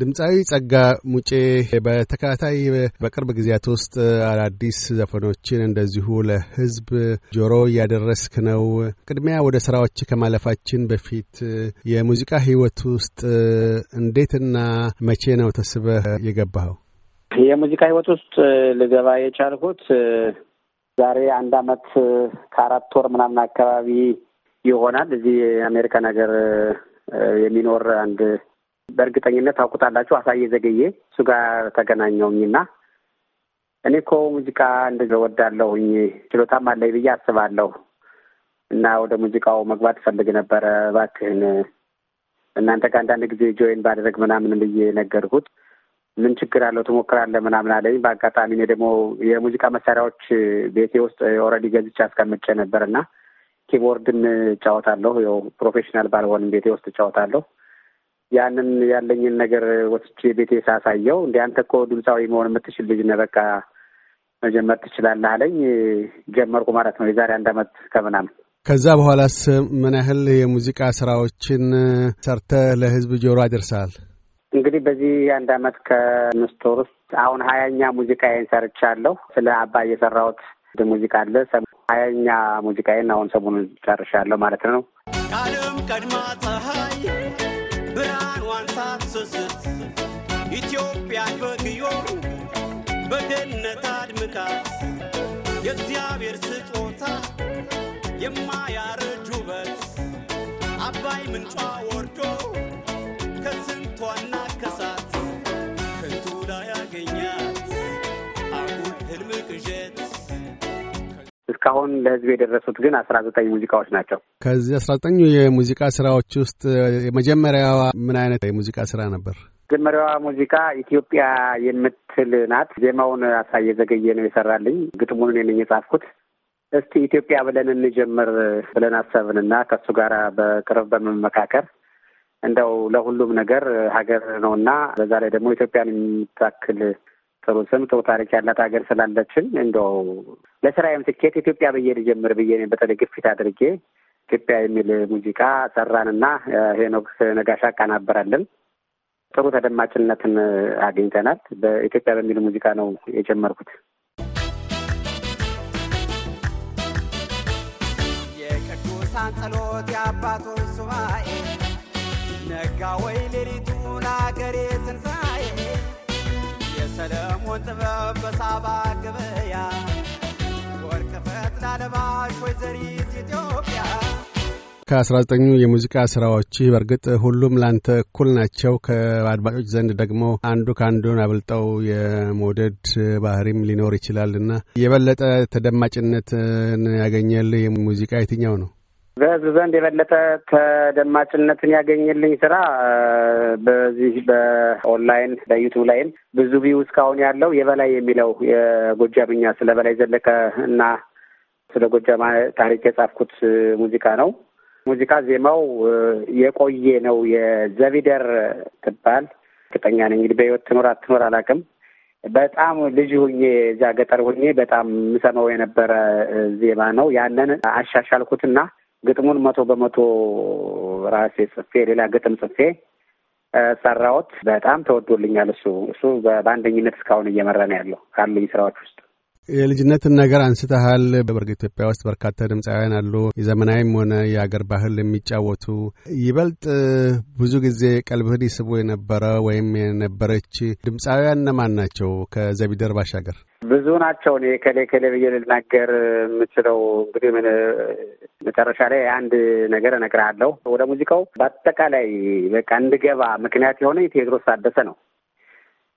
ድምፃዊ ጸጋ ሙጬ በተከታታይ በቅርብ ጊዜያት ውስጥ አዳዲስ ዘፈኖችን እንደዚሁ ለሕዝብ ጆሮ እያደረስክ ነው። ቅድሚያ ወደ ስራዎች ከማለፋችን በፊት የሙዚቃ ህይወት ውስጥ እንዴትና መቼ ነው ተስበህ የገባኸው? የሙዚቃ ህይወት ውስጥ ልገባ የቻልኩት ዛሬ አንድ አመት ከአራት ወር ምናምን አካባቢ ይሆናል። እዚህ የአሜሪካ ነገር የሚኖር አንድ በእርግጠኝነት ታውቁታላችሁ። አሳየ ዘገየ እሱ ጋር ተገናኘውኝና እኔ እኮ ሙዚቃ እንደዚያ ወዳለሁኝ ችሎታም አለኝ ብዬ አስባለሁ እና ወደ ሙዚቃው መግባት ፈልግ ነበረ እባክህን እናንተ ጋር አንዳንድ ጊዜ ጆይን ባደረግ ምናምን ብዬ ነገርኩት። ምን ችግር አለው ትሞክራለህ ምናምን አለኝ። በአጋጣሚ እኔ ደግሞ የሙዚቃ መሳሪያዎች ቤቴ ውስጥ ኦልሬዲ ገዝቼ አስቀምጬ ነበር እና ኪቦርድም እጫወታለሁ። ያው ፕሮፌሽናል ባልሆንም ቤቴ ውስጥ እጫወታለሁ። ያንን ያለኝን ነገር ወስቼ ቤቴ ሳሳየው እንደ አንተ እኮ ድምፃዊ መሆን የምትችል ልጅ ነህ፣ በቃ መጀመር ትችላለህ አለኝ። ጀመርኩ ማለት ነው የዛሬ አንድ አመት ከምናምን። ከዛ በኋላስ ምን ያህል የሙዚቃ ስራዎችን ሰርተ ለህዝብ ጆሮ አድርሰሃል? እንግዲህ በዚህ አንድ አመት ከአምስት ወር ውስጥ አሁን ሀያኛ ሙዚቃዬን ሰርቻለሁ። ስለ አባ የሰራሁት ሙዚቃ አለ። ሀያኛ ሙዚቃዬን አሁን ሰሞኑን ጨርሻለሁ ማለት ነው። ቃልም ቀድማ ፀሐይ ብርሃኗን ሳትሰስት ኢትዮጵያን በግዮን በገነት አድምቃት የእግዚአብሔር ስጦታ የማያረጅ ውበት አባይ ምንጯ ወርዶ ከስንቷና እስካሁን ለህዝብ የደረሱት ግን አስራ ዘጠኝ ሙዚቃዎች ናቸው። ከዚህ አስራ ዘጠኙ የሙዚቃ ስራዎች ውስጥ የመጀመሪያዋ ምን አይነት የሙዚቃ ስራ ነበር? መጀመሪያዋ ሙዚቃ ኢትዮጵያ የምትል ናት። ዜማውን አሳየ ዘገየ ነው የሰራልኝ። ግጥሙን እኔ ነኝ የጻፍኩት። እስቲ ኢትዮጵያ ብለን እንጀምር ብለን አሰብንና ከእሱ ጋር በቅርብ በመመካከር እንደው ለሁሉም ነገር ሀገር ነውና በዛ ላይ ደግሞ ኢትዮጵያን የምታክል ጥሩ ስም ጥሩ ታሪክ ያላት ሀገር ስላለችን እንደው ለስራዬም ስኬት ኢትዮጵያ ብዬ ልጀምር ብዬ በተለይ ግፊት አድርጌ ኢትዮጵያ የሚል ሙዚቃ ሰራንና ሄኖክ ነጋሽ አቀናበራለን። ጥሩ ተደማጭነትን አግኝተናል። በኢትዮጵያ በሚል ሙዚቃ ነው የጀመርኩት። የቅዱሳን ጸሎት የአባቶች ሱባኤ ነጋ ወይ ሌሊቱን አገሬ ትንሣኤ ሰለሞን ጥበብ በሳባ ገበያ ወርቅ ለባሽ ወይዘሪት ኢትዮጵያ የሙዚቃ ስራዎች በእርግጥ ሁሉም ላንተ እኩል ናቸው። ከአድማጮች ዘንድ ደግሞ አንዱ ከአንዱን አብልጠው የመውደድ ባህሪም ሊኖር ይችላል እና የበለጠ ተደማጭነትን ያገኘል የሙዚቃ የትኛው ነው? በህዝብ ዘንድ የበለጠ ተደማጭነትን ያገኘልኝ ስራ በዚህ በኦንላይን በዩቱብ ላይም ብዙ ቪው እስካሁን ያለው የበላይ የሚለው የጎጃምኛ ስለ በላይ ዘለቀ እና ስለ ጎጃም ታሪክ የጻፍኩት ሙዚቃ ነው። ሙዚቃ ዜማው የቆየ ነው። የዘቪደር ትባል እርግጠኛ ነኝ እንግዲህ በህይወት ትኖር አትኖር አላውቅም። በጣም ልጅ ሁኜ እዛ ገጠር ሁኜ በጣም ምሰማው የነበረ ዜማ ነው። ያንን አሻሻልኩትና ግጥሙን መቶ በመቶ ራሴ ጽፌ ሌላ ግጥም ጽፌ ሰራሁት። በጣም ተወዶልኛል። እሱ እሱ በአንደኝነት እስካሁን እየመራ ነው ያለው ካሉኝ ስራዎች ውስጥ የልጅነትን ነገር አንስተሃል። በርግ ኢትዮጵያ ውስጥ በርካታ ድምፃውያን አሉ፣ የዘመናዊም ሆነ የአገር ባህል የሚጫወቱ ይበልጥ ብዙ ጊዜ ቀልብህን ይስቡ የነበረ ወይም የነበረች ድምፃውያን እነማን ናቸው? ከዘቢደር ባሻገር ብዙ ናቸው። እኔ ከሌ ከሌ ብዬ ልናገር የምችለው እንግዲህ ምን መጨረሻ ላይ አንድ ነገር እነግርሃለሁ። ወደ ሙዚቃው በአጠቃላይ በቃ እንድገባ ምክንያት የሆነ ቴዎድሮስ ታደሰ ነው።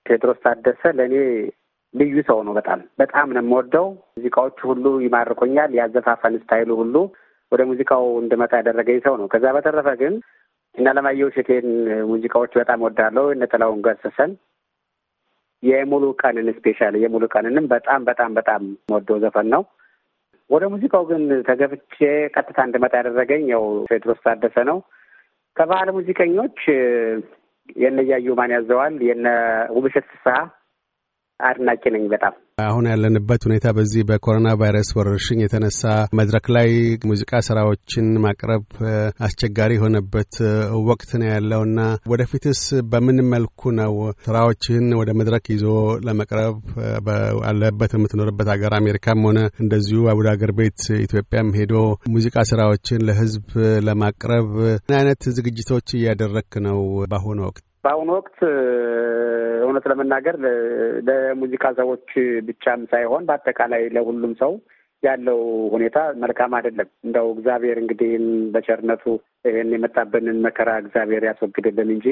ቴዎድሮስ ታደሰ ለእኔ ልዩ ሰው ነው። በጣም በጣም ነው የምወደው። ሙዚቃዎቹ ሁሉ ይማርቆኛል። ያዘፋፈን ስታይሉ ሁሉ ወደ ሙዚቃው እንድመጣ ያደረገኝ ሰው ነው። ከዛ በተረፈ ግን እና ለማየሁ እሸቴን ሙዚቃዎች በጣም ወዳለው፣ እነ ጥላሁን ገሰሰን የሙሉ ቀንን ስፔሻል የሙሉ ቀንንም በጣም በጣም በጣም ወደው ዘፈን ነው። ወደ ሙዚቃው ግን ተገብቼ ቀጥታ እንድመጣ ያደረገኝ ያው ቴዎድሮስ ታደሰ ነው። ከባህል ሙዚቀኞች የነ እያዩ ማን ያዘዋል፣ የነ ውብሸት ፍስሀ አድናቂ ነኝ በጣም። አሁን ያለንበት ሁኔታ በዚህ በኮሮና ቫይረስ ወረርሽኝ የተነሳ መድረክ ላይ ሙዚቃ ስራዎችን ማቅረብ አስቸጋሪ የሆነበት ወቅት ነው ያለው እና ወደፊትስ በምን መልኩ ነው ስራዎችን ወደ መድረክ ይዞ ለመቅረብ አለበት የምትኖርበት ሀገር አሜሪካም ሆነ እንደዚሁ ወደ ሀገር ቤት ኢትዮጵያም ሄዶ ሙዚቃ ስራዎችን ለህዝብ ለማቅረብ ምን አይነት ዝግጅቶች እያደረክ ነው በአሁኑ ወቅት? በአሁኑ ወቅት እውነት ለመናገር ለሙዚቃ ሰዎች ብቻም ሳይሆን በአጠቃላይ ለሁሉም ሰው ያለው ሁኔታ መልካም አይደለም። እንደው እግዚአብሔር እንግዲህም በቸርነቱ ይህን የመጣብንን መከራ እግዚአብሔር ያስወግድልን እንጂ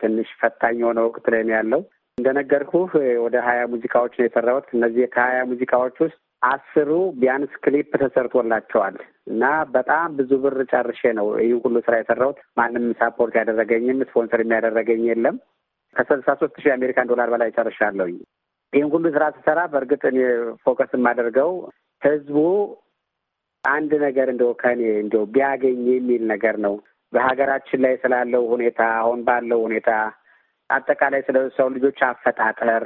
ትንሽ ፈታኝ የሆነ ወቅት ላይ ነው ያለው። እንደነገርኩህ ወደ ሀያ ሙዚቃዎች ነው የሰራሁት። እነዚህ ከሀያ ሙዚቃዎች ውስጥ አስሩ ቢያንስ ክሊፕ ተሰርቶላቸዋል እና በጣም ብዙ ብር ጨርሼ ነው ይህ ሁሉ ስራ የሰራሁት። ማንም ሳፖርት ያደረገኝም ስፖንሰር የሚያደረገኝ የለም። ከስልሳ ሶስት ሺህ አሜሪካን ዶላር በላይ ጨርሻለሁኝ። ይህን ሁሉ ስራ ስሰራ በእርግጥ እኔ ፎከስ የማደርገው ህዝቡ አንድ ነገር እንደው ከኔ እንደው ቢያገኝ የሚል ነገር ነው። በሀገራችን ላይ ስላለው ሁኔታ፣ አሁን ባለው ሁኔታ፣ አጠቃላይ ስለ ሰው ልጆች አፈጣጠር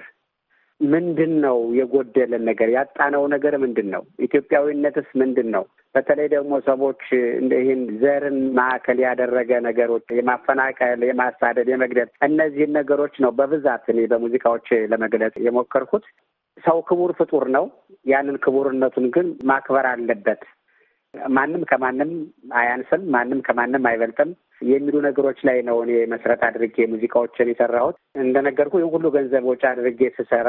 ምንድን ነው የጎደለን ነገር? ያጣነው ነገር ምንድን ነው? ኢትዮጵያዊነትስ ምንድን ነው? በተለይ ደግሞ ሰዎች ይህን ዘርን ማዕከል ያደረገ ነገሮች የማፈናቀል፣ የማሳደድ፣ የመግደል እነዚህን ነገሮች ነው በብዛት እኔ በሙዚቃዎች ለመግለጽ የሞከርኩት። ሰው ክቡር ፍጡር ነው። ያንን ክቡርነቱን ግን ማክበር አለበት። ማንም ከማንም አያንስም፣ ማንም ከማንም አይበልጥም የሚሉ ነገሮች ላይ ነው እኔ መሰረት አድርጌ ሙዚቃዎችን የሰራሁት። እንደነገርኩ ይህ ሁሉ ገንዘብ ወጪ አድርጌ ስሰራ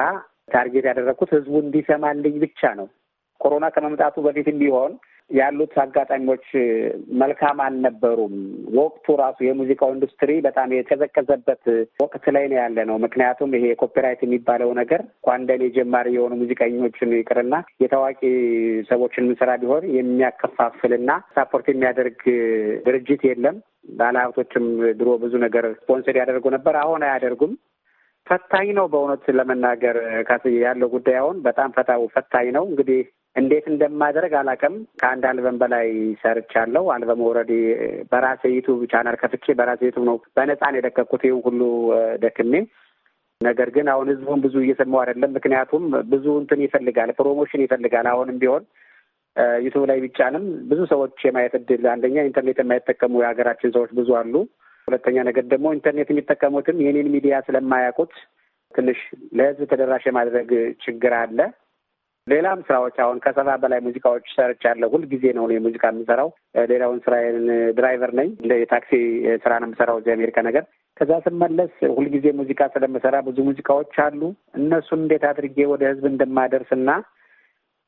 ታርጌት ያደረግኩት ህዝቡ እንዲሰማልኝ ብቻ ነው። ኮሮና ከመምጣቱ በፊትም ቢሆን ያሉት አጋጣሚዎች መልካም አልነበሩም። ወቅቱ ራሱ የሙዚቃው ኢንዱስትሪ በጣም የቀዘቀዘበት ወቅት ላይ ነው ያለ ነው። ምክንያቱም ይሄ ኮፒራይት የሚባለው ነገር እንኳን እንደኔ ጀማሪ የሆኑ ሙዚቀኞችን ይቅርና የታዋቂ ሰዎችን ምንሰራ ቢሆን የሚያከፋፍልና ሳፖርት የሚያደርግ ድርጅት የለም። ባለሀብቶችም ድሮ ብዙ ነገር ስፖንሰር ያደርጉ ነበር፣ አሁን አያደርጉም። ፈታኝ ነው በእውነት ለመናገር ያለው ጉዳይ አሁን በጣም ፈታው ፈታኝ ነው እንግዲህ እንዴት እንደማደርግ አላውቅም። ከአንድ አልበም በላይ ሰርቻለሁ። አልበም ኦልሬዲ በራሴ ዩቱብ ቻናል ከፍቼ በራሴ ዩቱብ ነው በነፃን የደቀቁት ይህን ሁሉ ደክሜ። ነገር ግን አሁን ህዝቡን ብዙ እየሰማው አይደለም። ምክንያቱም ብዙ እንትን ይፈልጋል፣ ፕሮሞሽን ይፈልጋል። አሁንም ቢሆን ዩቱብ ላይ ቢጫንም ብዙ ሰዎች የማየት እድል አንደኛ ኢንተርኔት የማይጠቀሙ የሀገራችን ሰዎች ብዙ አሉ። ሁለተኛ ነገር ደግሞ ኢንተርኔት የሚጠቀሙትም የኔን ሚዲያ ስለማያውቁት ትንሽ ለህዝብ ተደራሽ የማድረግ ችግር አለ። ሌላም ስራዎች አሁን ከሰባ በላይ ሙዚቃዎች ሰርቻለሁ። ሁልጊዜ ነው የሙዚቃ የምሰራው። ሌላውን ስራዬን ድራይቨር ነኝ። የታክሲ ስራ ነው የምሰራው እዚህ አሜሪካ ነገር። ከዛ ስመለስ ሁልጊዜ ሙዚቃ ስለምሰራ ብዙ ሙዚቃዎች አሉ። እነሱን እንዴት አድርጌ ወደ ህዝብ እንደማደርስና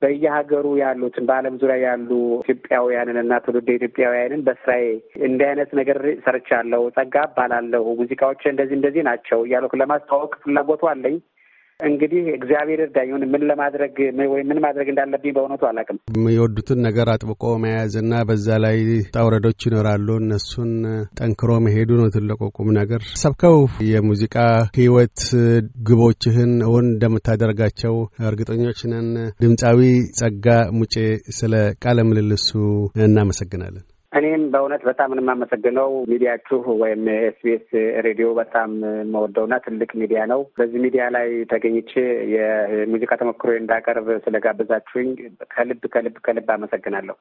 በየሀገሩ ያሉትን በዓለም ዙሪያ ያሉ ኢትዮጵያውያንን እና ትውልድ ኢትዮጵያውያንን በስራዬ እንዲህ አይነት ነገር ሰርቻለሁ፣ ጸጋ እባላለሁ፣ ሙዚቃዎች እንደዚህ እንደዚህ ናቸው እያልኩ ለማስተዋወቅ ፍላጎቱ አለኝ። እንግዲህ እግዚአብሔር እርዳኝ። ምን ለማድረግ ወይ ምን ማድረግ እንዳለብኝ በእውነቱ አላውቅም። የወዱትን ነገር አጥብቆ መያዝና በዛ ላይ ጣውረዶች ይኖራሉ። እነሱን ጠንክሮ መሄዱ ነው ትልቁ ቁም ነገር። ሰብከው የሙዚቃ ህይወት ግቦችህን እውን እንደምታደርጋቸው እርግጠኞች ነን። ድምፃዊ ጸጋ ሙጬ ስለ ቃለ ምልልሱ እናመሰግናለን። እኔም በእውነት በጣም የማመሰግነው ሚዲያችሁ ወይም ኤስቢኤስ ሬዲዮ በጣም መወደውና ትልቅ ሚዲያ ነው። በዚህ ሚዲያ ላይ ተገኝቼ የሙዚቃ ተሞክሮ እንዳቀርብ ስለጋበዛችሁኝ ከልብ ከልብ ከልብ አመሰግናለሁ።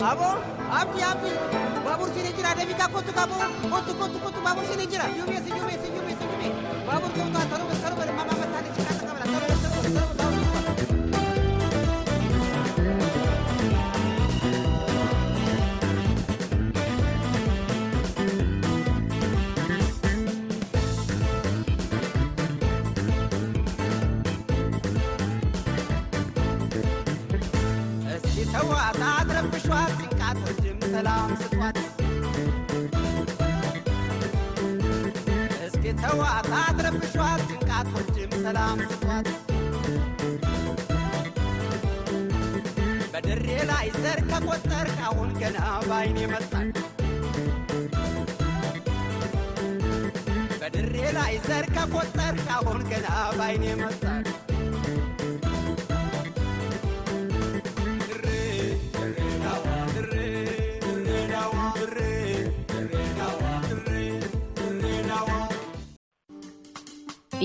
Abang, api-api. Babur sini kira ada minta kutu kabur. Kutu, kutu, kutu. Babur sini kira. Yumi, senyumi, senyumi, senyumi. Babur kau tak taruh, taruh. ህወሓት አትረብሿት፣ ሲንቃቶችም ሰላም ስጧት። እስኪ ህወሓት አትረብሿት፣ ሲንቃቶችም ሰላም ስጧት። በድሬ ላይ ዘር ከቆጠርክ አሁን ገና ባይኔ መጣች። በድሬ ላይ ዘር ከቆጠርክ አሁን ገና ባይኔ መጣች።